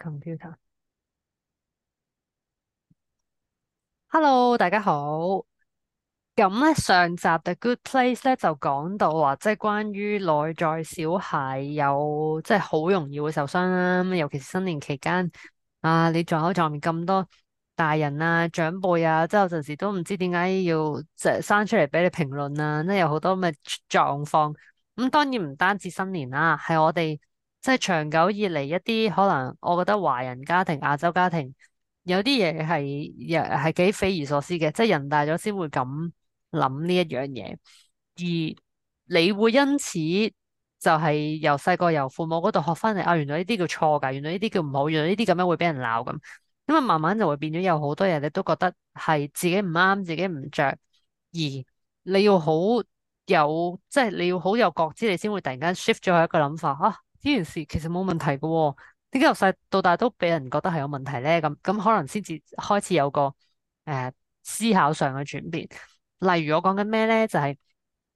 computer，hello，大家好。咁咧上集嘅 good place 咧就講到話，即係關於內在小孩有即係好容易會受傷啦。尤其是新年期間啊，你撞口撞面咁多大人啊、長輩啊，即係有陣時都唔知點解要即係生出嚟俾你評論啊，即係有好多咁嘅狀況。咁當然唔單止新年啦、啊，係我哋。即係長久以嚟，一啲可能我覺得華人家庭、亞洲家庭有啲嘢係又係幾匪夷所思嘅。即係人大咗先會咁諗呢一樣嘢，而你會因此就係由細個由父母嗰度學翻嚟啊。原來呢啲叫錯噶，原來呢啲叫唔好，原來呢啲咁樣會俾人鬧咁。因為慢慢就會變咗，有好多嘢你都覺得係自己唔啱，自己唔着，而你要好有即係你要好有覺知，你先會突然間 shift 咗去一個諗法啊。呢件事其實冇問題嘅喎、哦，點解由細到大都俾人覺得係有問題咧？咁咁可能先至開始有個誒、呃、思考上嘅轉變。例如我講緊咩咧？就係、是、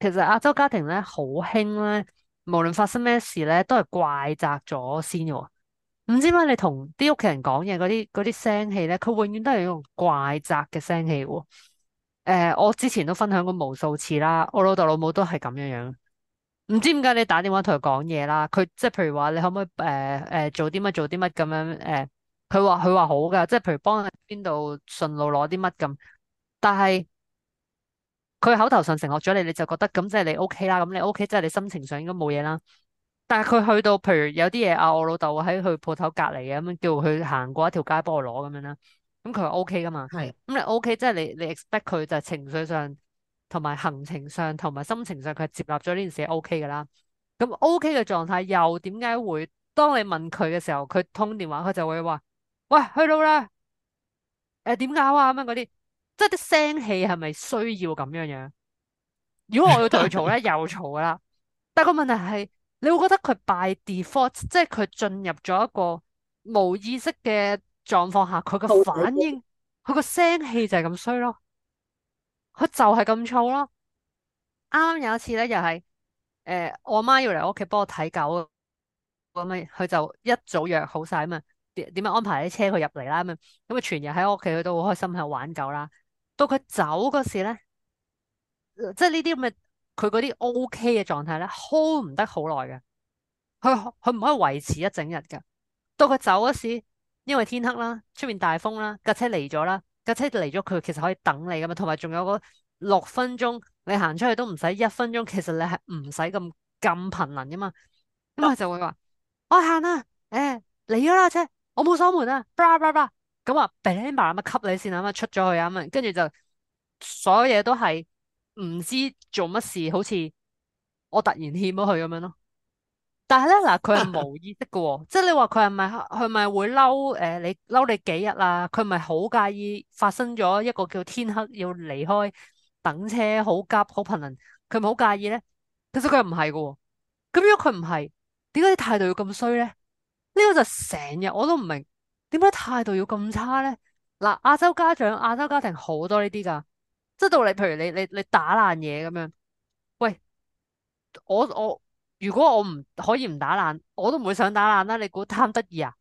其實亞洲家庭咧好興咧，無論發生咩事咧，都係怪責咗先嘅喎、哦。唔知點解你同啲屋企人講嘢嗰啲啲聲氣咧，佢永遠都係用怪責嘅聲氣喎。誒，我之前都分享過無數次啦，我老豆老母都係咁樣樣。唔知點解你打電話同佢講嘢啦，佢即係譬如話你可唔可以誒誒、呃呃、做啲乜做啲乜咁樣誒，佢話佢話好噶，即係譬如幫喺邊度順路攞啲乜咁，但係佢口頭上承諾咗你，你就覺得咁即係你 OK 啦，咁你 OK 即係你心情上應該冇嘢啦。但係佢去到，譬如有啲嘢啊，我老豆喺佢鋪頭隔籬嘅咁叫佢行過一條街幫我攞咁樣啦，咁佢話 OK 噶嘛，係咁是你 OK，即係你你 expect 佢就係情緒上。同埋行程上，同埋心情上，佢係接納咗呢件事 O K 噶啦。咁 O K 嘅狀態又點解會？當你問佢嘅時候，佢通電話，佢就會話：，喂，去到啦。誒、呃，點搞啊？咁樣嗰啲，即係啲聲氣係咪需要咁樣樣？如果我要同佢嘈咧， 又嘈噶啦。但個問題係，你會覺得佢 by default，即係佢進入咗一個冇意識嘅狀況下，佢嘅反應，佢個聲氣就係咁衰咯。佢就係咁燥咯。啱啱有一次咧，又係誒，我媽要嚟我屋企幫我睇狗咁咪，佢、嗯、就一早約好晒，咁、嗯、啊，點點樣安排啲車佢入嚟啦咁啊，咁、嗯、啊、嗯，全日喺屋企佢都好開心喺度玩狗啦。到佢走嗰時咧，即係呢啲咁嘅佢嗰啲 O K 嘅狀態咧，hold 唔得好耐嘅。佢佢唔可以維持一整日㗎。到佢走嗰時，因為天黑啦，出面大風啦，架車嚟咗啦。架車嚟咗，佢其實可以等你噶嘛，同埋仲有嗰六分鐘，你行出去都唔使一分鐘，其實你係唔使咁咁頻能噶嘛，咁佢就會話 我行、欸、啦，誒嚟咗啦車，我冇鎖門啦、啊，咁啊 balance 啊吸你先啊嘛，出咗去啊嘛，跟住就所有嘢都係唔知做乜事，好似我突然欠咗佢咁樣咯。但係咧，嗱佢係無意識嘅喎，即 係樂 你話佢係咪佢咪會嬲？誒，你嬲你幾日啦、啊？佢咪好介意發生咗一個叫天黑要離開等車，好急好頻臨，佢咪好介意咧？其實佢唔係嘅喎，咁如果佢唔係，點解啲態度要咁衰咧？呢、這個就成日我都唔明，點解態度要咁差咧？嗱，亞洲家長、亞洲家庭好多呢啲㗎，即、就、到、是、你譬如你你你打爛嘢咁樣，喂，我我。如果我唔可以唔打爛，我都唔會想打爛啦。你估貪得意啊？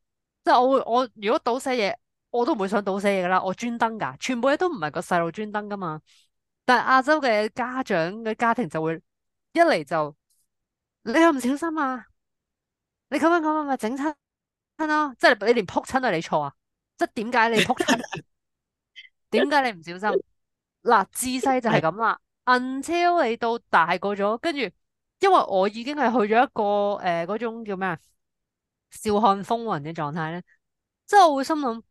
即係我會我如果倒瀉嘢，我都唔會想倒瀉嘢噶啦。我專登噶，全部嘢都唔係個細路專登噶嘛。但係亞洲嘅家長嘅家庭就會一嚟就你又唔小心啊！你咁樣咁樣咪整親親咯，即係你連扑親都係你錯啊！即係點解你扑親？點解 你唔小心？嗱，自細就係咁啦。until 你到大個咗，跟住。因為我已經係去咗一個誒嗰、呃、種叫咩啊？笑看風雲嘅狀態咧，即係我會心諗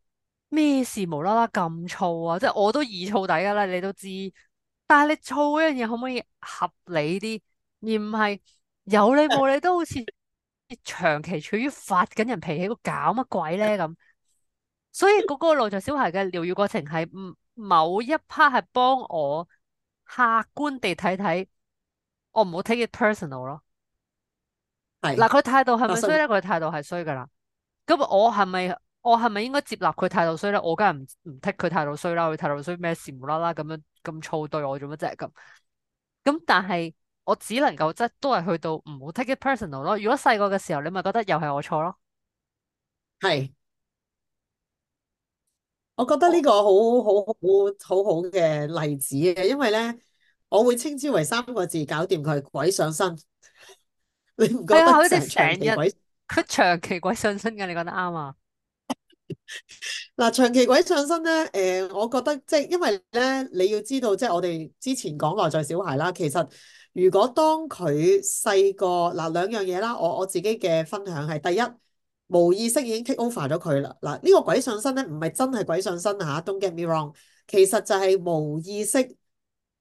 咩事無啦啦咁燥啊！即係我都易燥底噶啦，你都知。但係你燥嗰樣嘢可唔可以合理啲，而唔係有你無你都好似長期處於發緊人脾氣，搞乜鬼咧咁？所以嗰個內在小孩嘅療癒過程係某一 part 係幫我客觀地睇睇。.我唔好 take it personal 咯，係嗱，佢態度係咪衰咧？佢態度係衰噶啦。咁實我係咪我係咪應該接納佢態度衰咧？我梗係唔唔 take 佢態度衰啦。佢態度衰，咩事無啦啦咁樣咁躁對我做乜啫？咁咁但係我只能夠即都係去到唔好 take it personal 咯。如果細個嘅時候你咪覺得又係我錯咯，係。我覺得呢個好好好，好好好好好嘅例子嘅，因為咧。我會稱之為三個字搞掂佢鬼上身， 你唔覺得？係好似長期鬼，佢長期鬼上身嘅，你覺得啱啊？嗱，長期鬼上身咧，誒、呃，我覺得即係因為咧，你要知道，即係我哋之前講內在小孩啦。其實如果當佢細個嗱兩樣嘢啦，我我自己嘅分享係第一無意識已經 take over 咗佢啦。嗱、啊、呢、呢個鬼上身咧，唔係真係鬼上身嚇、啊、don't get me wrong，其實就係無意識。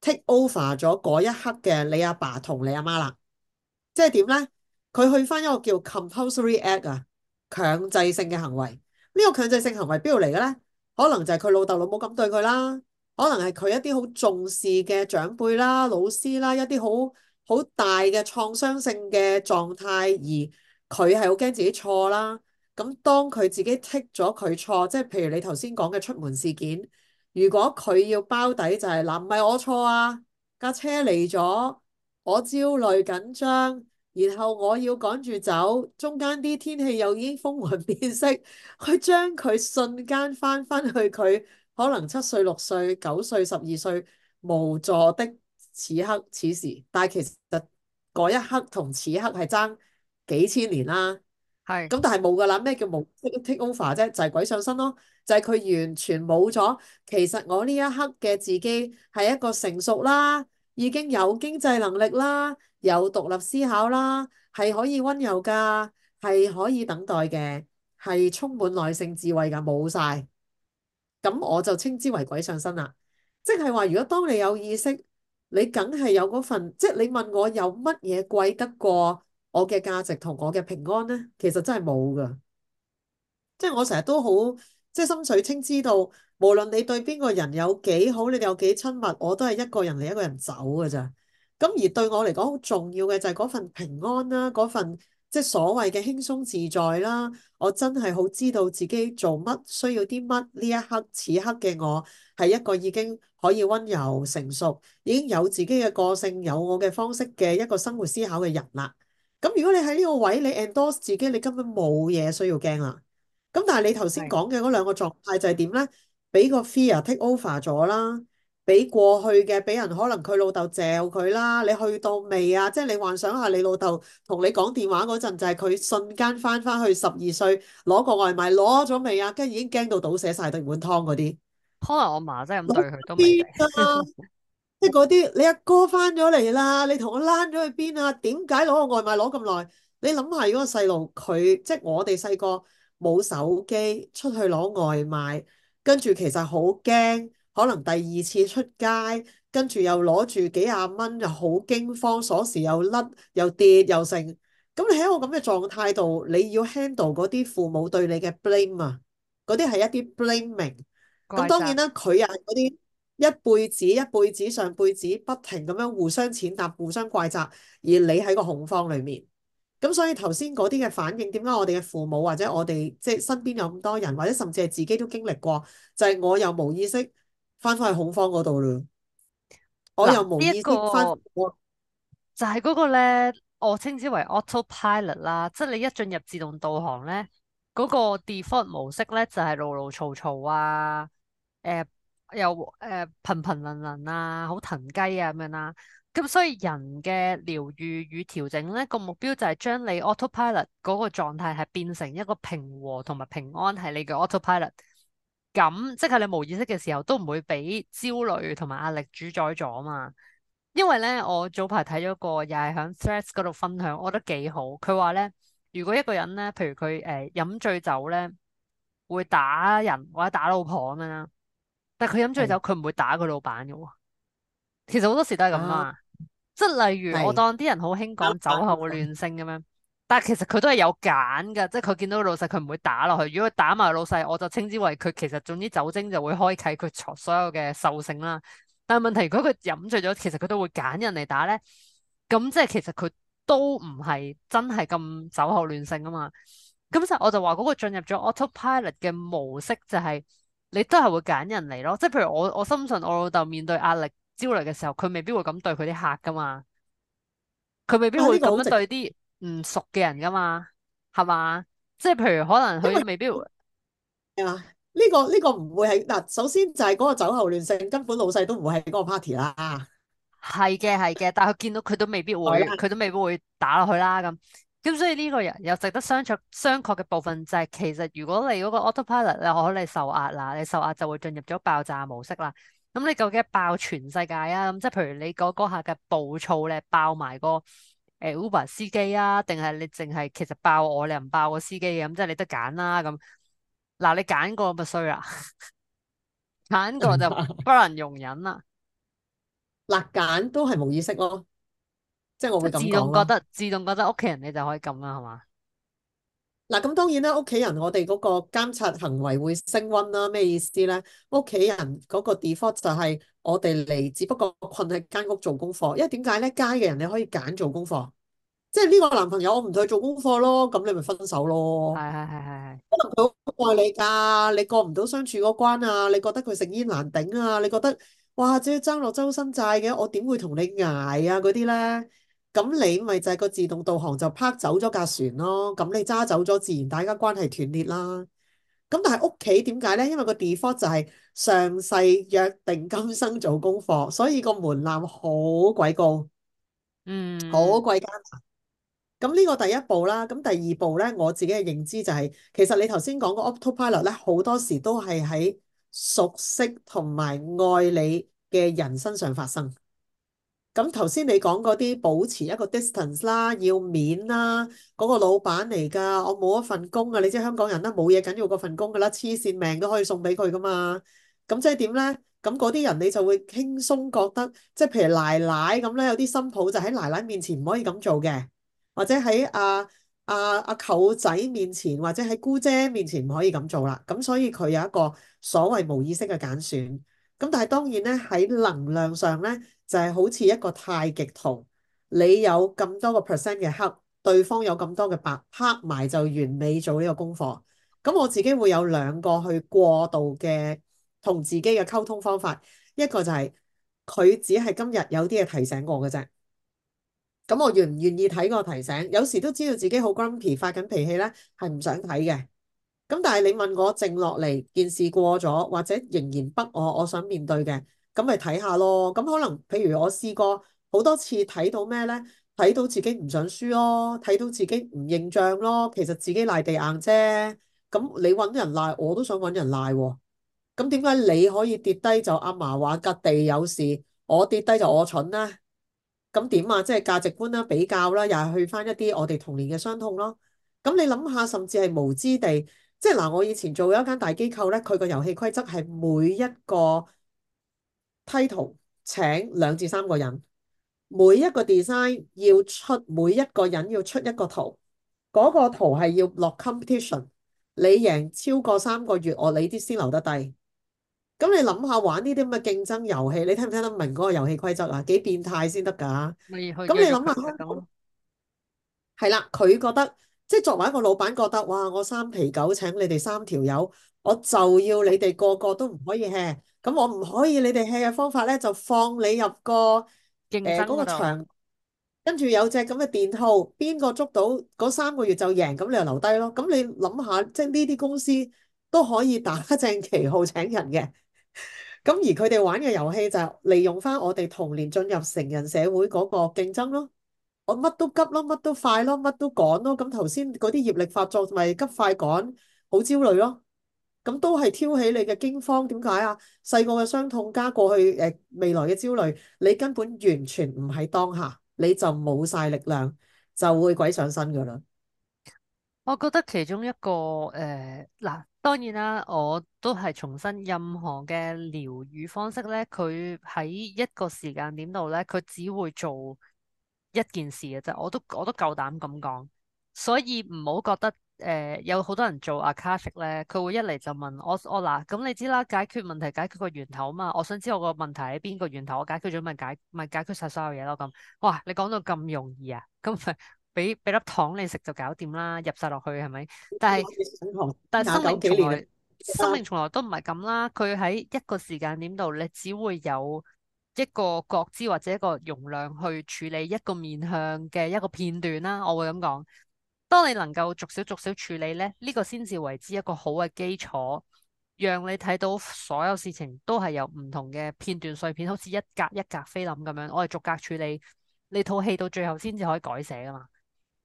take over 咗嗰一刻嘅你阿爸同你阿媽啦，即係點咧？佢去翻一個叫 compulsory act 啊，強制性嘅行為。呢、這個強制性行為邊度嚟嘅咧？可能就係佢老豆老母咁對佢啦，可能係佢一啲好重視嘅長輩啦、老師啦，一啲好好大嘅創傷性嘅狀態，而佢係好驚自己錯啦。咁當佢自己 take 咗佢錯，即係譬如你頭先講嘅出門事件。如果佢要包底就係、是、嗱，唔係我錯啊，架、啊、車嚟咗，我焦慮緊張，然後我要趕住走，中間啲天氣又已經風雲變色，去將佢瞬間返返去佢可能七歲、六歲、九歲、十二歲無助的此刻此時，但係其實嗰一刻同此刻係爭幾千年啦。係，咁但係冇噶啦，咩叫冇 take over 啫？就係鬼上身咯，就係佢完全冇咗。其實我呢一刻嘅自己係一個成熟啦，已經有經濟能力啦，有獨立思考啦，係可以温柔噶，係可以等待嘅，係充滿耐性智慧噶，冇晒。咁我就稱之為鬼上身啦。即係話，如果當你有意識，你梗係有嗰份，即係你問我有乜嘢貴得過？我嘅價值同我嘅平安呢，其實真係冇噶，即係我成日都好即係心水清，知道無論你對邊個人有幾好，你哋有幾親密，我都係一個人嚟，一個人走噶咋。咁而對我嚟講好重要嘅就係嗰份平安啦，嗰份即係所謂嘅輕鬆自在啦。我真係好知道自己做乜，需要啲乜，呢一刻此刻嘅我係一個已經可以温柔成熟，已經有自己嘅個性，有我嘅方式嘅一個生活思考嘅人啦。咁如果你喺呢個位，你 endorse 自己，你根本冇嘢需要驚啦。咁但係你頭先講嘅嗰兩個狀態就係點咧？俾個 fear take over 咗啦，俾過去嘅，俾人可能佢老豆嚼佢啦。你去到未啊？即係你幻想下，你老豆同你講電話嗰陣，就係、是、佢瞬間翻翻去十二歲，攞個外賣攞咗未啊？跟住已經驚到倒瀉曬定碗湯嗰啲。可能我媽真係咁對佢都即嗰啲，你阿哥返咗嚟啦，你同我躝咗去邊啊？點解攞個外賣攞咁耐？你諗下，如果個細路佢，即係我哋細個冇手機，出去攞外賣，跟住其實好驚，可能第二次出街，跟住又攞住幾廿蚊，又好驚慌，鎖匙又甩又跌又剩。咁你喺一個咁嘅狀態度，你要 handle 嗰啲父母對你嘅 blame 啊？嗰啲係一啲 blaming。咁當然啦，佢又係嗰啲。一輩子、一輩子、一輩子，上輩子，不停咁樣互相踐踏、互相怪責，而你喺個恐慌裏面。咁所以頭先嗰啲嘅反應，點解我哋嘅父母或者我哋即係身邊有咁多人，或者甚至係自己都經歷過，就係、是、我又冇意識翻返去恐慌嗰度咯。我又冇意識翻。就係嗰個咧，我稱之為 auto pilot 啦，即係你一進入自動導航咧，嗰、那個 default 模式咧就係老老嘈嘈啊，誒、呃。又誒、呃，頻頻輪輪啊，好騰雞啊咁樣啦、啊。咁所以人嘅療癒與調整咧，個目標就係將你 autopilot 嗰個狀態係變成一個平和同埋平安係你嘅 autopilot。咁即係你無意識嘅時候都唔會俾焦慮同埋壓力主宰咗啊嘛。因為咧，我早排睇咗個又係喺 Threads 嗰度分享，我覺得幾好。佢話咧，如果一個人咧，譬如佢誒、呃、飲醉酒咧，會打人或者打老婆咁樣啦。但係佢飲醉酒，佢唔會打佢老闆嘅喎、哦。其實好多時都係咁啊，嗯、即係例如是我當啲人好興講酒後會亂性咁樣，但係其實佢都係有揀㗎，即係佢見到老細佢唔會打落去。如果佢打埋老細，我就稱之為佢其實總之酒精就會開啟佢所有嘅獸性啦。但係問題如果佢飲醉咗，其實佢都會揀人嚟打咧，咁即係其實佢都唔係真係咁酒後亂性啊嘛。咁就我就話嗰個進入咗 autopilot 嘅模式就係、是。你都係會揀人嚟咯，即係譬如我，我深信我老豆面對壓力焦慮嘅時候，佢未必會咁對佢啲客噶嘛，佢未必會咁樣對啲唔熟嘅人噶嘛，係嘛、啊這個？即係譬如可能佢未必會係嘛？呢、這個呢、這個唔會係嗱，首先就係嗰個酒後亂性，根本老細都唔喺嗰個 party 啦。係嘅係嘅，但係佢見到佢都未必會，佢吧都未必會打落去啦咁。咁、嗯、所以呢個人又值得商榷。商榷嘅部分就係其實如果你嗰個 autopilot 咧，可能受壓啦，你受壓就會進入咗爆炸模式啦。咁你究竟爆全世界啊？咁即係譬如你嗰下嘅暴躁咧，爆埋個誒 Uber 司機啊，定係你淨係其實爆我你唔爆個司機嘅？咁即係你得揀啦。咁嗱，你揀過咪衰啦，揀過就不能容忍 啦。嗱，揀都係冇意識咯。即係我會咁講，自動覺得，自動覺得屋企人你就可以咁啦，係嘛？嗱，咁當然啦，屋企人我哋嗰個監察行為會升溫啦。咩意思咧？屋企人嗰個 default 就係我哋嚟，只不過困喺間屋做功課。因為點解咧？街嘅人你可以揀做功課，即係呢個男朋友我唔同佢做功課咯，咁你咪分手咯。係係係係，可能佢好愛你噶，你過唔到相處嗰關啊？你覺得佢食煙難頂啊？你覺得哇，仲要爭落周身債嘅，我點會同你捱啊？嗰啲咧？咁你咪就係個自動導航就泊走咗架船咯，咁你揸走咗，自然大家關係斷裂啦。咁但係屋企點解咧？因為個 default 就係上世約定今生做功課，所以個門檻好鬼高，嗯，好鬼艱難。咁呢個第一步啦，咁第二步咧，我自己嘅認知就係、是，其實你頭先講個 autopilot 咧，好多時都係喺熟悉同埋愛你嘅人身上發生。咁頭先你講嗰啲保持一個 distance 啦，要面啦，嗰個老闆嚟㗎，我冇一份工啊！你知香港人啦，冇嘢緊要嗰份工㗎啦，黐線命都可以送俾佢噶嘛。咁即係點咧？咁嗰啲人你就會輕鬆覺得，即係譬如奶奶咁咧，有啲新抱就喺奶奶面前唔可以咁做嘅，或者喺阿阿阿舅仔面前，或者喺姑姐面前唔可以咁做啦。咁所以佢有一個所謂無意識嘅揀選。咁但係當然咧，喺能量上咧，就係好似一個太極圖，你有咁多個 percent 嘅黑，對方有咁多嘅白，黑埋就完美做呢個功課。咁我自己會有兩個去過度嘅同自己嘅溝通方法，一個就係佢只係今日有啲嘢提醒我嘅啫。咁我願唔願意睇個提醒？有時都知道自己好 grumpy，發緊脾氣咧，係唔想睇嘅。咁但係你問我靜落嚟，件事過咗或者仍然不我，我想面對嘅，咁咪睇下咯。咁可能譬如我試過好多次睇到咩咧？睇到自己唔想輸咯，睇到自己唔認賬咯。其實自己賴地硬啫。咁你揾人賴，我都想揾人賴喎。咁點解你可以跌低就阿嫲話隔地有事，我跌低就我蠢咧？咁點啊？即係價值觀啦、比較啦，又係去翻一啲我哋童年嘅傷痛咯。咁你諗下，甚至係無知地。即係嗱，我以前做咗一間大機構咧，佢個遊戲規則係每一個 title 請兩至三個人，每一個 design 要出，每一個人要出一個圖，嗰、嗰個圖係要落 competition，你贏超過三個月，我你啲先留得低。咁你諗下，玩呢啲咁嘅競爭遊戲，你聽唔聽得明嗰個遊戲規則啊？幾變態先得㗎？咁 有 kill able syndrome 你諗下，係啦，佢覺得。即係作為一個老闆，覺得哇！我三皮九請你哋三條友，我就要你哋個個都唔可以吃。咁我唔可以你哋吃嘅方法咧，就放你入個誒嗰個場，跟住有隻咁嘅電耗，邊個捉到嗰三個月就贏，咁你就留低咯。咁你諗下，即係呢啲公司都可以打正旗號請人嘅。咁而佢哋玩嘅遊戲就係利用翻我哋童年進入成人社會嗰個競爭咯。我乜都急咯，乜都快咯，乜都趕咯。咁頭先嗰啲業力發作，咪急快趕，好焦慮咯。咁都係挑起你嘅驚慌。點解啊？細個嘅傷痛加過去誒未來嘅焦慮，你根本完全唔喺當下，你就冇晒力量，就會鬼上身噶啦。我覺得其中一個誒嗱、呃，當然啦，我都係重申，任何嘅療癒方式咧，佢喺一個時間點度咧，佢只會做。一件事嘅啫，我都我都夠膽咁講，所以唔好覺得誒、呃、有好多人做阿卡式咧，佢會一嚟就問我我嗱，咁你知啦，解決問題，解決個源頭啊嘛，我想知我個問題喺邊個源頭，我解決咗咪解咪解決晒所有嘢咯咁。哇，你講到咁容易啊？咁咪俾俾粒糖你食就搞掂啦，入晒落去係咪？但係但係生，生命從來都唔係咁啦，佢喺一個時間點度你只會有一個角色或者一個容量去處理一個面向嘅一個片段啦，我會咁講。當你能夠逐少逐少處理咧，呢、呢個先至為之一個好嘅基礎，讓你睇到所有事情都係由唔同嘅片段碎片，好似一格一格菲林咁樣。我哋逐格處理，你套戲到最後先至可以改寫噶嘛。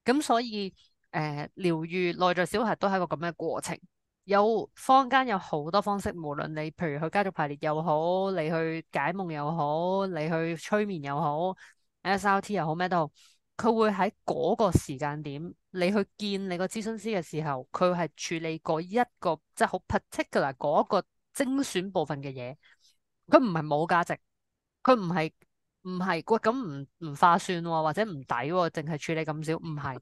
咁所以誒，療、呃、愈內在小孩都係一個咁嘅過程。有坊間有好多方式，無論你譬如去家族排列又好，你去解夢又好，你去催眠又好，SRT 又好，咩都好，佢會喺嗰個時間點，你去見你個諮詢師嘅時候，佢係處理嗰一個即係好 particular 嗰個精選部分嘅嘢。佢唔係冇價值，佢唔係唔係喂，咁唔唔化算喎、哦，或者唔抵喎，淨係處理咁少，唔係。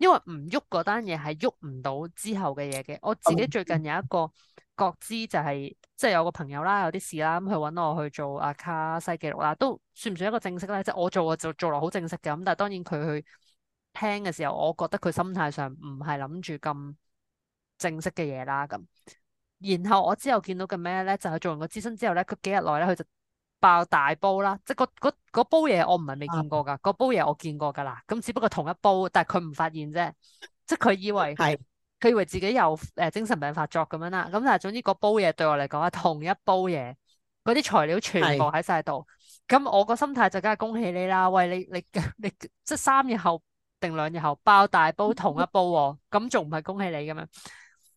因為唔喐嗰單嘢係喐唔到之後嘅嘢嘅，我自己最近有一個覺知、就是，就係即係有個朋友啦，有啲事啦，咁佢揾我去做阿卡西記錄啦，都算唔算一個正式咧？即係我做啊就做落好正式嘅，咁但係當然佢去聽嘅時候，我覺得佢心態上唔係諗住咁正式嘅嘢啦咁。然後我之後見到嘅咩咧，就係、是、做完個諮詢之後咧，佢幾日內咧佢就。爆大煲啦！即係嗰煲嘢，我唔係未見過噶，嗰、嗯、煲嘢我見過噶啦。咁只不過同一煲，但係佢唔發現啫。即係佢以為，佢是以為自己有誒、呃、精神病發作咁樣啦。咁但係總之，嗰煲嘢對我嚟講係同一煲嘢，嗰啲材料全部喺晒度。咁是我個心態就梗係恭喜你啦。喂，你你你，你即係三日後定兩日後爆大煲同一煲，咁仲唔係恭喜你咁樣？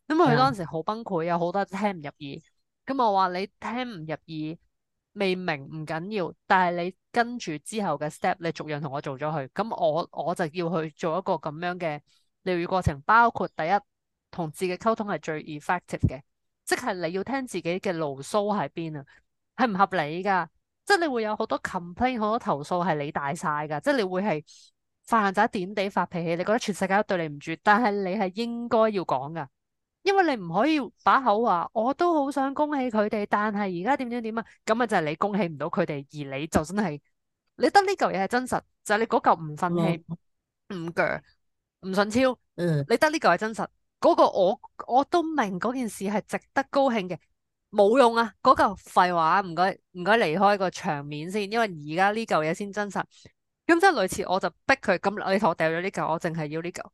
因為佢當時好崩潰，有好多聽唔入耳。咁我話你聽唔入耳。未明唔緊要，但係你，你跟住之後嘅 step，你逐樣同我做咗佢，咁我我就要去做一個咁樣嘅療癒過程，包括第一同自己溝通係最 effective 嘅，即係你要聽自己嘅牢騷喺邊啊，係唔合理㗎，即係你會有好多 complain 好多投訴係你大晒㗎，即係你會係發爛仔點地發脾氣，你覺得全世界都對你唔住，但係你係應該要講㗎。因為你唔可以把口話，我都好想恭喜佢哋，但係而家點點點啊，咁啊就係你恭喜唔到佢哋，而你就真係你得呢嚿嘢係真實，就係、是、你嗰嚿唔忿氣、唔鋸、嗯、唔順超，嗯，嗯嗯你得呢嚿係真實，嗰、嗰個我我都明嗰件事係值得高興嘅，冇用啊，嗰嚿廢話唔該唔該離開個場面先，因為而家呢嚿嘢先真實，咁即係類似我就逼佢咁，你同我掉咗呢嚿，我淨係要呢嚿，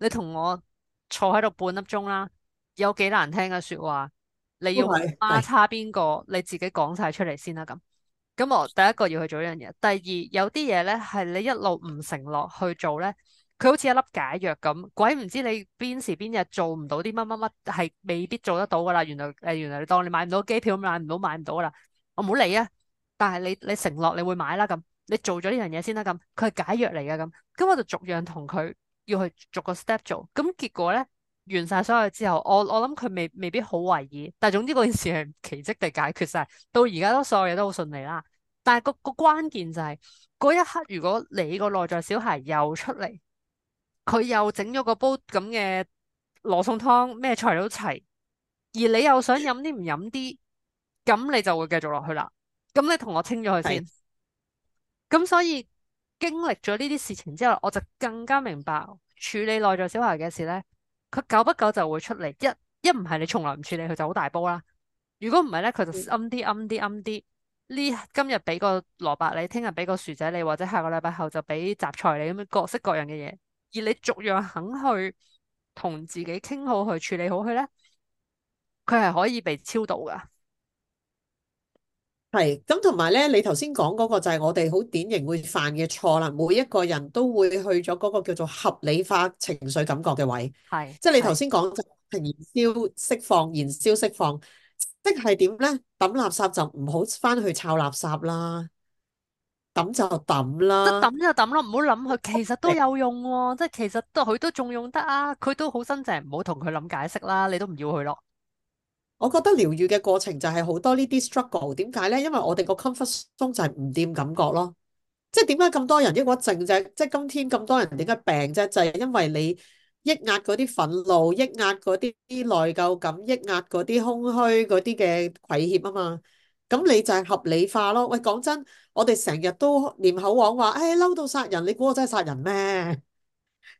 你同我坐喺度半粒鐘啦。有幾難聽嘅說話， 你要阿叉邊個？ 你自己講晒出嚟，先啦。咁咁，我第一個要去做一樣嘢。第二，有啲嘢咧係你一路唔承諾去做咧，佢好似一粒解藥咁，鬼唔知你邊時邊日做唔到啲乜乜乜，係未必做得到噶啦。原來誒，原來你當你買唔到機票咁買唔到買唔到啦，我唔好理啊。但係你你承諾你會買啦，咁你做咗呢樣嘢先啦。咁佢係解藥嚟嘅，咁咁我就逐樣同佢要去逐個 step 做。咁結果咧。完晒所有之後，我我諗佢未未必好懷疑。但係總之嗰件事係奇迹地解決晒，到而家都所有嘢都好順利啦。但係個個關鍵就係、是、嗰一刻，如果你個內在小孩又出嚟，佢又整咗個煲咁嘅羅宋湯，咩材料都齊，而你又想飲啲唔飲啲，咁你就會繼續落去啦。咁你同我清咗佢先。咁的所以經歷咗呢啲事情之後，我就更加明白處理內在小孩嘅事咧。佢久不久就會出嚟，一一唔係你從來唔處理佢就好大煲啦。如果唔係咧，佢就噏啲噏啲噏啲，呢今日俾個蘿蔔你，聽日俾個薯仔你，或者下個禮拜後就俾雜菜你，咁樣各式各樣嘅嘢。而你逐樣肯去同自己傾好去，去處理好佢咧，佢係可以被超度噶。係咁，同埋咧，你頭先講嗰個就係我哋好典型會犯嘅錯啦。每一個人都會去咗嗰個叫做合理化情緒感覺嘅位，係，是即係你頭先講就燃燒釋放，燃燒釋放，即係點咧？抌垃圾就唔好翻去抄垃圾啦，抌就抌啦。即抌就抌啦，唔好諗佢，其實都有用喎、啊。是即係其實都佢都仲用得啊，佢都好新淨，唔好同佢諗解釋啦，你都唔要佢咯。我覺得療愈嘅過程就係好多 struggle，呢啲 struggle，點解咧？因為我哋個 comfort 中就係唔掂感覺咯，即係點解咁多人抑鬱症啫？即係今天咁多人點解病啫？就係、是、因為你抑壓嗰啲憤怒、抑壓嗰啲內疚感、抑壓嗰啲空虛嗰啲嘅攪協啊嘛。咁你就係合理化咯。喂，講真，我哋成日都唸口講話，誒、哎、嬲到殺人，你估我真係殺人咩？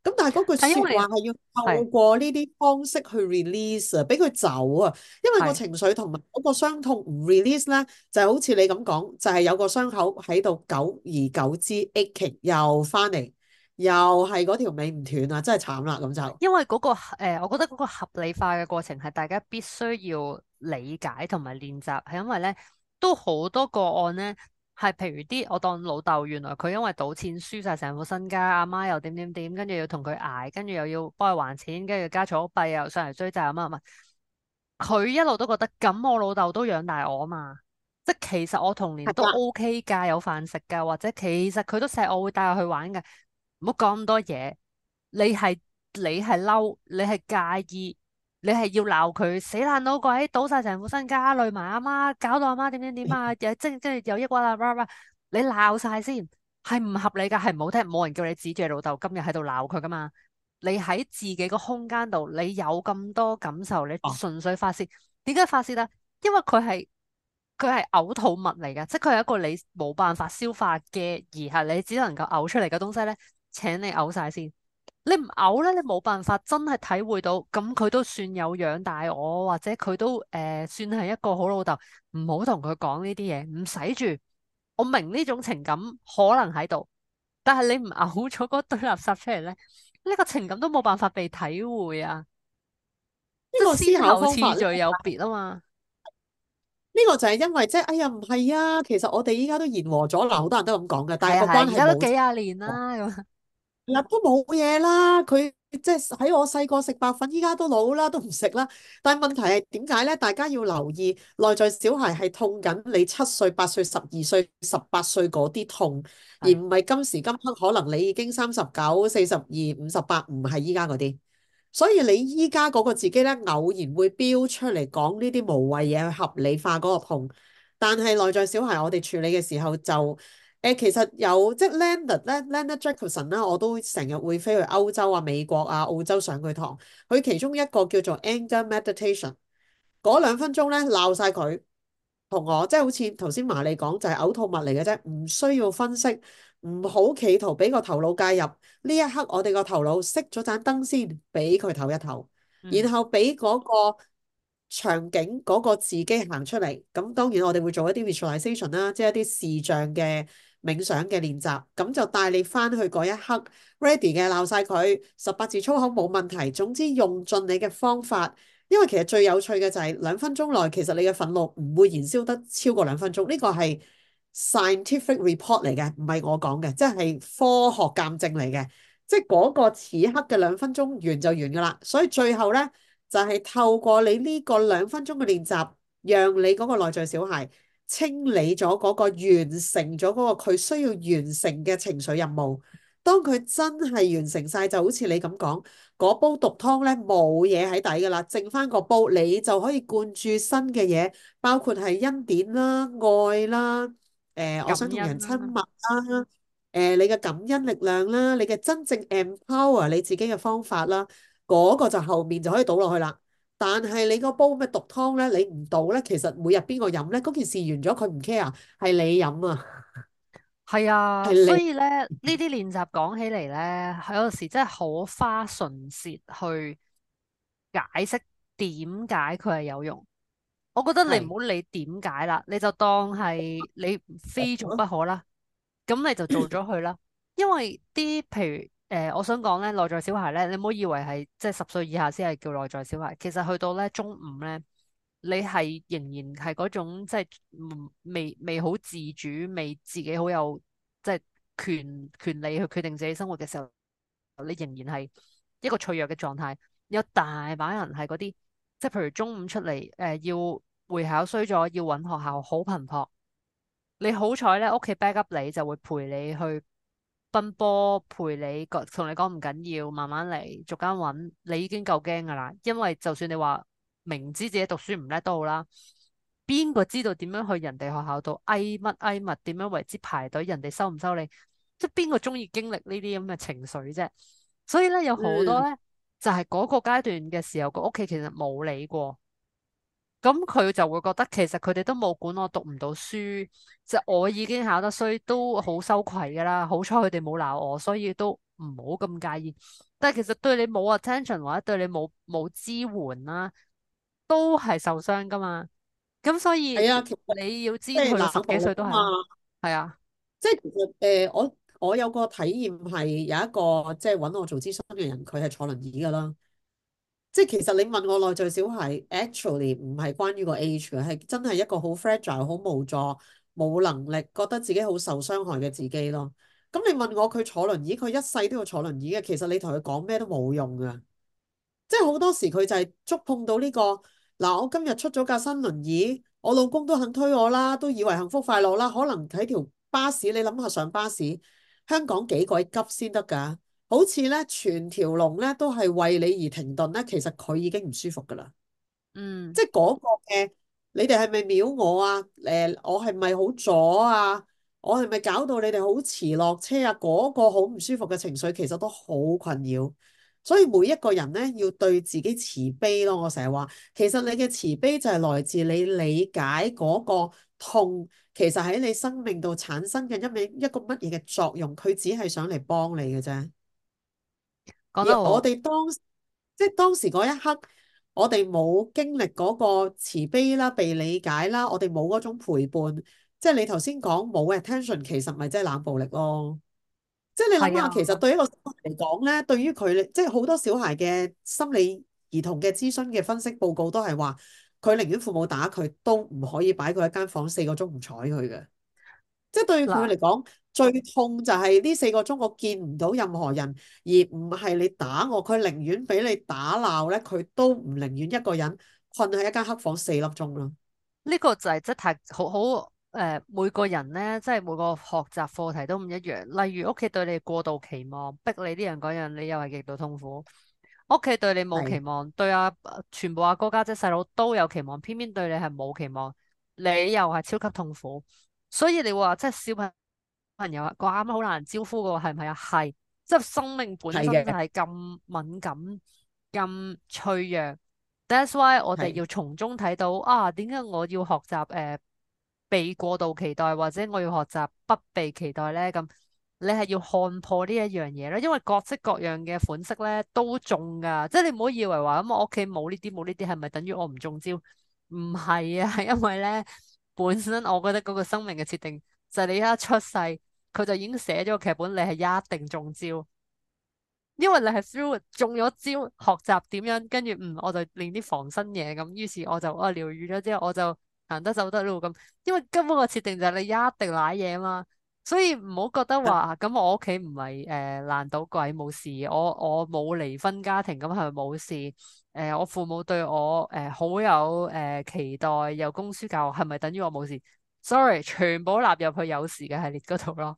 咁但係嗰句話，說話係要透過呢啲方式去 release 啊，俾佢走啊，因為，是因為個情緒同埋嗰個傷痛唔 release 咧，就是，好似你咁講，就係、是、有個傷口喺度，久而久之 aching 又翻嚟，又係嗰條尾唔斷啊，真係慘啦咁就。因為嗰、那個誒、呃，我覺得嗰個合理化嘅過程係大家必須要理解同埋練習，係因為咧都好多個案咧。係譬如啲我當老豆，原來佢因為賭錢輸晒成副身家，阿媽又點點點，跟住要同佢捱，跟住又要幫佢還錢，跟住加彩屋幣又上嚟追債啊嘛嘛，佢一路都覺得咁，我老豆都養大我嘛，即係其實我童年都 OK 㗎，有飯食㗎，或者其實佢都錫我會帶我去玩㗎，唔好講咁多嘢，你係你係嬲，你係介意。你係要鬧佢死爛老鬼，倒晒成副身家，累埋阿媽，搞到阿媽點點點啊！又即係即係有抑鬱啦，你鬧晒先，係唔合理噶，係唔好聽，冇人叫你指住你老豆今日喺度鬧佢噶嘛。你喺自己個空間度，你有咁多感受，你純粹發泄。點解、啊、發泄咧？因為佢係佢係嘔吐物嚟噶，即係佢係一個你冇辦法消化嘅，而係你只能夠嘔出嚟嘅東西咧。請你嘔晒先。你唔嘔咧，你冇辦法真係體會到。咁佢都算有養大我，或者佢都誒、呃、算係一個好老豆。唔好同佢講呢啲嘢，唔使住。我明呢種情感可能喺度，但係你唔嘔咗嗰堆垃圾出嚟咧，呢、這個情感都冇辦法被體會啊。呢個思考方法就有別啊嘛。呢個就係因為即係、就是，哎呀唔係啊，其實我哋依家都言和咗，嗱好多人都咁講嘅，但係我關而家、啊啊、都幾廿年啦，咁。 嗱都冇嘢啦，佢即係喺我細個食白粉，依家都老啦，都唔食啦。但係問題係點解咧？大家要留意內在小孩係痛緊，你七歲、八歲、十二歲、十八歲嗰啲痛，而唔係今時今刻可能你已經三十九、四十二、五十八，唔係依家嗰啲。所以你依家嗰個自己咧，偶然會飆出嚟講呢啲無謂嘢，去合理化嗰個痛。但係內在小孩，我哋處理嘅時候就～誒其實有即係 Lander 咧，Lander Jackson 啦，我都成日會飛去歐洲啊、美國啊、澳洲上佢堂。佢其中一個叫做 Anger Meditation，嗰兩分鐘咧，鬧晒佢同我，即係好似頭先瑪莉講就係、是、嘔吐物嚟嘅啫，唔需要分析，唔好企圖俾個頭腦介入。呢一刻我哋個頭腦熄咗盞燈先，俾佢唞一唞，嗯、然後俾嗰個場景嗰、嗰個自己行出嚟。咁當然我哋會做一啲 Visualization 啦，即係一啲視像嘅。冥想嘅練習，咁就帶你翻去嗰一刻 ready 嘅鬧晒佢十八字粗口冇問題。總之，用盡你嘅方法，因為其實最有趣嘅就係、是、兩分鐘內，其實你嘅憤怒唔會燃燒得超過兩分鐘，呢個係 scientific report 嚟嘅，唔係我講嘅，即係科學鑑證嚟嘅，即係嗰個此刻嘅兩分鐘完就完噶啦，所以最後呢，就係、是、透過你呢個兩分鐘嘅練習，讓你嗰個內在小孩。清理咗嗰個，完成咗嗰個佢需要完成嘅情緒任務。當佢真係完成晒，就好似你咁講，嗰煲毒湯咧，冇嘢喺底噶啦，剩翻個煲，你就可以灌注新嘅嘢，包括係恩典啦、愛啦、誒、呃，恩我想同人親密啦、誒、呃，你嘅感恩力量啦、你嘅真正 empower 你自己嘅方法啦，嗰個就後面就可以倒落去啦。但係你個煲咩毒湯咧，你唔倒咧，其實每日邊個飲咧？嗰件事完咗，佢唔 care，係你飲啊，係啊。你所以咧，練習講呢啲練習講起嚟咧，有時真係好花唇舌去解釋點解佢係有用。我覺得你唔好理點解啦，的你就當係你非做不可啦，咁 你就做咗佢啦。因為啲譬如。誒、呃，我想講咧，內在小孩咧，你唔好以為係即係十歲以下先係叫內在小孩。其實去到咧中五咧，你係仍然係嗰種即係未未好自主，未自己好有即係權權利去決定自己生活嘅時候，你仍然係一個脆弱嘅狀態。有大把人係嗰啲，即係譬如中五出嚟誒、呃，要會考衰咗，要揾學校好頻撲。你好彩咧，屋企 back up 你，就會陪你去。奔波陪你講，同你講唔緊要，慢慢嚟，逐間揾。你已經夠驚噶啦，因為就算你話明知自己讀書唔叻都好啦，邊個知道點樣去人哋學校度挨乜挨物？點樣為之排隊？人哋收唔收你？即係邊個中意經歷呢啲咁嘅情緒啫？所以咧，有好多咧，嗯、就係嗰個階段嘅時候，個屋企其實冇理過。咁佢就會覺得其實佢哋都冇管我讀唔到書，即係我已經考得衰都好羞愧㗎喇。好彩佢哋冇鬧我，所以都唔好咁介意。但係其實對你冇 attention 或者對你冇冇支援啦，都係受傷㗎嘛。咁所以係啊，其實你要知佢十幾歲都係嘛，係啊。即係其實誒，我我有個體驗係有一個即係揾我做諮詢嘅人，佢係坐輪椅㗎啦。即係其實你問我內在小孩，actually 唔係關於個 age，係真係一個好 fragile、好無助、冇能力，覺得自己好受傷害嘅自己咯。咁你問我佢坐輪椅，佢一世都要坐輪椅嘅。其實你同佢講咩都冇用噶。即係好多時佢就係觸碰到呢個。嗱，我今日出咗架新輪椅，我老公都肯推我啦，都以為幸福快樂啦。可能喺條巴士，你諗下上巴士，香港幾鬼急先得㗎？好似咧，全條龍咧都係為你而停頓咧，其實佢已經唔舒服噶啦。嗯，即係嗰個嘅，你哋係咪秒我啊？誒，我係咪好阻啊？我係咪搞到你哋好遲落車啊？嗰個好唔舒服嘅情緒，其實都好困擾。所以每一個人咧，要對自己慈悲咯。我成日話，其實你嘅慈悲就係來自你理解嗰個痛，其實喺你生命度產生嘅一尾一個乜嘢嘅作用，佢只係想嚟幫你嘅啫。我哋當即係當時嗰一刻，我哋冇經歷嗰個慈悲啦、被理解啦，我哋冇嗰種陪伴，即係你頭先講冇 attention，其實咪即係冷暴力咯。即係你諗下，的其實對於一個嚟講咧，對於佢即係好多小孩嘅心理、兒童嘅諮詢嘅分析報告都係話，佢寧願父母打佢，都唔可以擺佢喺間房四個鐘唔睬佢嘅。即係對佢嚟講。最痛就係呢四個鐘，我見唔到任何人，而唔係你打我，佢寧願俾你打鬧咧，佢都唔寧願一個人困喺一間黑房四粒鐘咯。呢個就係即係好好誒、呃，每個人咧，即係每個學習課題都唔一樣。例如屋企對你過度期望，逼你啲人嗰樣，你又係極度痛苦，屋企對你冇期望，的對啊，全部阿哥家姐細佬都有期望，偏偏對你係冇期望，你又係超級痛苦。所以你話即係小朋友朋友啊，個啱啱好難招呼噶喎，係唔係啊？係，即係生命本身就係咁敏感、咁的脆弱。That's why 我哋要從中睇到的啊，點解我要學習誒、呃、被過度期待，或者我要學習不被期待咧？咁你係要看破呢一樣嘢咧，因為各式各樣嘅款式咧都中噶，即係你唔好以為話咁、嗯、我屋企冇呢啲冇呢啲，係咪等於我唔中招？唔係啊，係因為咧本身我覺得嗰個生命嘅設定就係、是、你一出世。佢就已經寫咗個劇本，你係一定中招，因為你係 through 中咗招學習點樣，跟住嗯我就練啲防身嘢咁，於是我就啊療癒咗之後我就行得走得咯咁。因為根本個設定就係你一定賴嘢嘛，所以唔好覺得話咁 我屋企唔係誒爛賭鬼冇事，我我冇離婚家庭咁係咪冇事？誒、呃、我父母對我誒、呃、好有誒、呃、期待，又供書教，係咪等於我冇事？sorry，全部納入去有事嘅系列嗰度咯。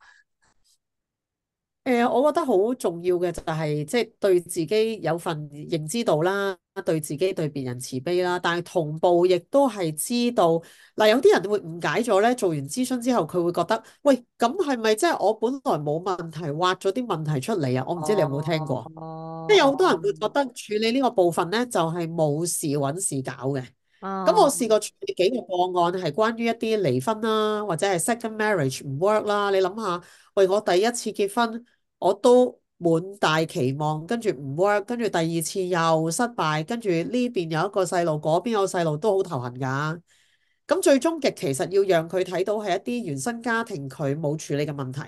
誒、呃，我覺得好重要嘅就係、是，即、就、係、是、對自己有份認知度啦，對自己對別人慈悲啦。但係同步亦都係知道，嗱、呃、有啲人會誤解咗咧。做完諮詢之後，佢會覺得，喂，咁係咪即係我本來冇問題，挖咗啲問題出嚟啊？我唔知你有冇聽過，即係、啊啊、有好多人會覺得處理呢個部分咧，就係、是、冇事揾事搞嘅。咁、嗯、我試過處理幾個個案，係關於一啲離婚啦，或者係 second marriage 唔 work 啦。你諗下，喂、哎，我第一次結婚我都滿大期望，跟住唔 work，跟住第二次又失敗，跟住呢邊有一個細路，嗰邊有細路都好頭痕㗎。咁最終極其實要讓佢睇到係一啲原生家庭佢冇處理嘅問題。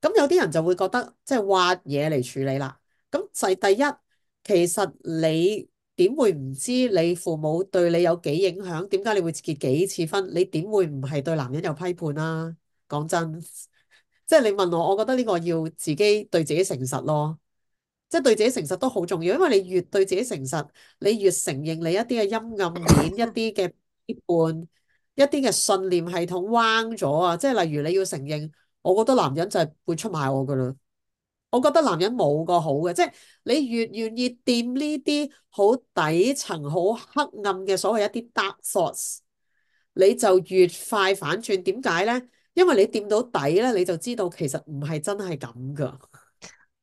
咁有啲人就會覺得即係、就是、挖嘢嚟處理啦。咁就係第一，其實你。點會唔知你父母對你有幾影響？點解你會結幾次婚？你點會唔係對男人有批判啦？講真，即係你問我，我覺得呢個要自己對自己誠實咯。即係對自己誠實都好重要，因為你越對自己誠實，你越承認你一啲嘅陰暗面、一啲嘅批判、一啲嘅信念系統彎咗啊！即係例如你要承認，我覺得男人就係會出賣我噶啦。我覺得男人冇個好嘅，即係你越願意掂呢啲好底層、好黑暗嘅所謂一啲 dark thoughts，你就越快反轉。點解咧？因為你掂到底咧，你就知道其實唔係真係咁噶。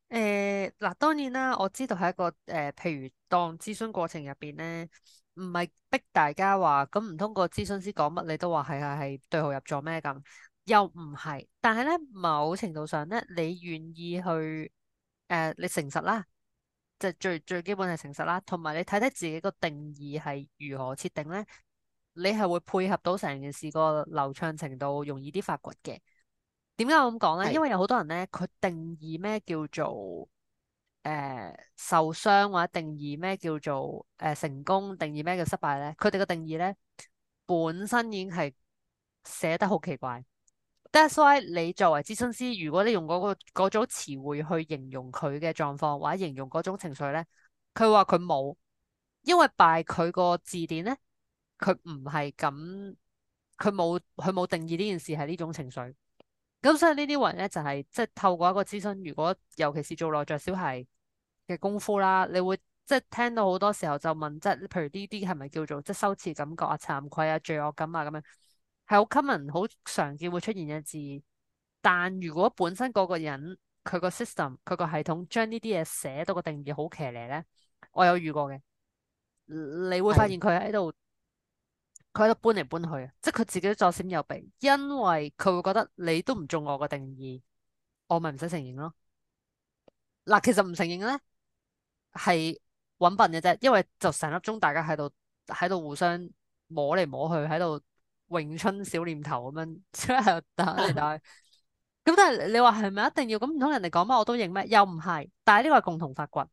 誒嗱、呃，當然啦，我知道喺一個誒、呃，譬如當諮詢過程入邊咧，唔係逼大家話咁，唔通過諮詢師講乜，你都話係係係對號入座咩咁？又唔係，但係咧，某程度上咧，你願意去誒、呃，你誠實啦，就最最基本係誠實啦。同埋你睇睇自己個定義係如何設定咧，你係會配合到成件事個流暢程度，容易啲發掘嘅。點解我咁講咧？是因為有好多人咧，佢定義咩叫做誒、呃、受傷，或者定義咩叫做誒、呃、成功，定義咩叫失敗咧？佢哋個定義咧本身已經係寫得好奇怪。That's why 你作為諮詢師，如果你用嗰、嗰個嗰種詞彙去形容佢嘅狀況，或者形容嗰種情緒咧，佢話佢冇，因為拜佢個字典咧，佢唔係咁，佢冇佢冇定義呢件事係呢種情緒。咁所以呢啲人咧就係、是、即係透過一個諮詢，如果尤其是做內在小孩嘅功夫啦，你會即係聽到好多時候就問，即係譬如呢啲係咪叫做即係羞恥感覺啊、慚愧啊、罪惡感啊咁樣。係好 common、好常見會出現嘅字，但如果本身嗰個人佢個 system、佢個系統將呢啲嘢寫到個定義好騎呢咧，我有遇過嘅，你會發現佢喺度，佢喺度搬嚟搬去，即係佢自己都左閃右避，因為佢會覺得你都唔中我個定義，我咪唔使承認咯。嗱，其實唔承認咧係揾笨嘅啫，因為就成粒鐘大家喺度喺度互相摸嚟摸去喺度。詠春小念頭咁樣，即係打嚟打去。咁 但係你話係咪一定要咁？唔通人哋講乜我都認咩？又唔係。但係呢個係共同發掘，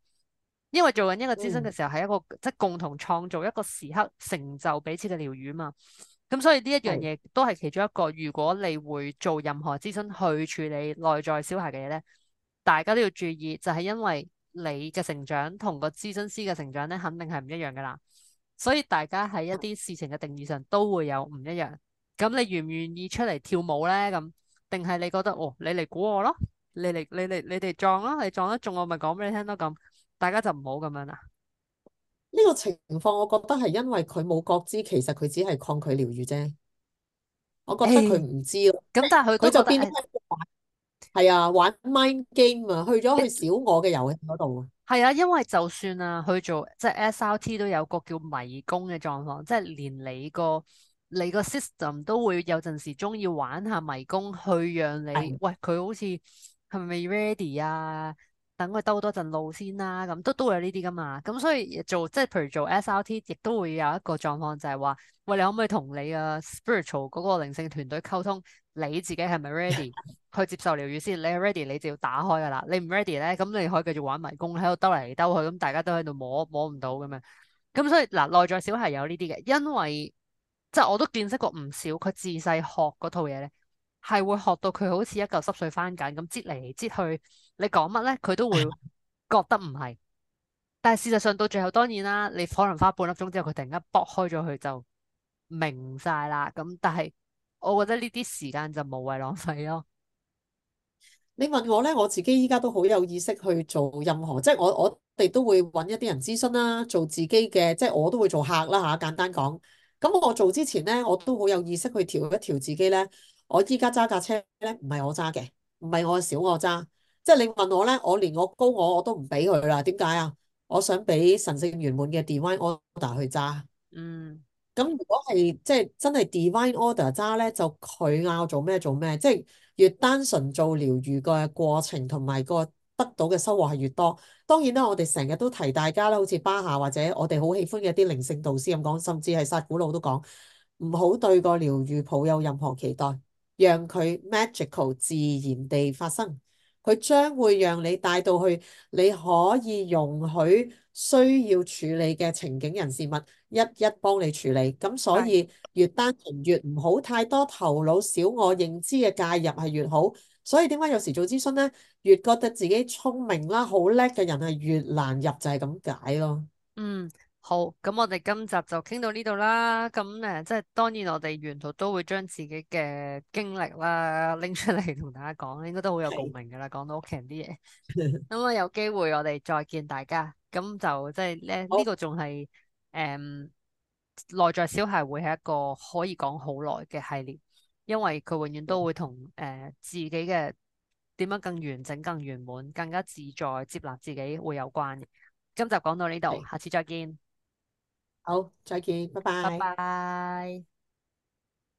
因為做緊一個諮詢嘅時候係一個、嗯、即係共同創造一個時刻成就彼此嘅療愈啊嘛。咁所以呢一樣嘢都係其中一個。如果你會做任何諮詢去處理內在小孩嘅嘢咧，大家都要注意，就係、是、因為你嘅成長同個諮詢師嘅成長咧，肯定係唔一樣噶啦。所以大家喺一啲事情嘅定義上都會有唔一樣。咁你願唔願意出嚟跳舞咧？咁定係你覺得哦，你嚟估我咯，你嚟你嚟你哋撞啦，你撞得中我咪講俾你聽咯。咁大家就唔好咁樣啦。呢個情況我覺得係因為佢冇覺知，其實佢只係抗拒療癒啫。我覺得佢唔知咯。咁但係佢覺係啊，玩 mind game 啊，去咗去小我嘅遊戲嗰度啊。係 啊，因為就算啊，去做，即係 SRT 都有個叫迷宮嘅狀況，即係連你個你個 system 都會有陣時鍾意玩下迷宮，去讓你的喂佢好似係咪 ready 啊？等佢兜多陣路先啦，啊，咁都都會有呢啲噶嘛，咁所以做即係譬如做 SRT，亦都會有一個狀況就係話，喂，你可唔可以同你嘅 spiritual 嗰個靈性團隊溝通，你自己係咪 ready 去接受療癒先？你係 ready，你就要打開噶啦，你唔 ready 咧，咁你可以繼續玩迷宮喺度兜嚟兜去，咁大家都喺度摸摸唔到咁樣，咁所以嗱內在小孩有呢啲嘅，因為即係我都見識過唔少佢自細學嗰套嘢咧。係會學到佢好似一嚿濕碎番緊咁，擠嚟擠去，你講乜咧，佢都會覺得唔係。但係事實上到最後，當然啦，你可能花半粒鐘之後，佢突然間剝開咗佢就明晒啦。咁但係，我覺得呢啲時間就無謂浪費咯。你問我咧，我自己依家都好有意識去做任何，即係我我哋都會揾一啲人諮詢啦，做自己嘅，即係我都會做客啦吓。簡單講，咁我做之前咧，我都好有意識去調一調自己咧。我依家揸架車咧，唔係我揸嘅，唔係我小我揸，即係你問我咧，我連我高我我都唔俾佢啦。點解啊？我想俾神聖圓滿嘅 Divine Order 去揸。嗯，咁如果係即係真係 Divine Order 揸咧，就佢嗌我做咩做咩，即係越單純做療癒嘅過程，同埋個得到嘅收穫係越多。當然啦，我哋成日都提大家啦，好似巴夏或者我哋好喜歡嘅啲靈性導師咁講，甚至係薩古魯都講，唔好對個療癒抱有任何期待。讓佢 magical 自然地發生，佢將會讓你帶到去，你可以容許需要處理嘅情景、人事物，一一幫你處理。咁所以越單純越唔好太多頭腦小我認知嘅介入係越好。所以點解有時做諮詢呢？越覺得自己聰明啦、好叻嘅人係越難入就，就係咁解咯。嗯。好，咁我哋今集就傾到呢度啦。咁誒、嗯，即係當然，我哋沿途都會將自己嘅經歷啦，拎出嚟同大家講，應該都好有共鳴㗎喇。講到屋企人啲嘢，咁啊、 嗯，有機會我哋再見大家。咁就即係咧，呢、這個仲係誒內在小孩會係一個可以講好耐嘅系列，因為佢永遠都會同誒、呃、自己嘅點樣更完整、更圓滿、更加自在接納自己會有關嘅。今集講到呢度，是下次再見。好，再見，oh，拜拜。拜拜。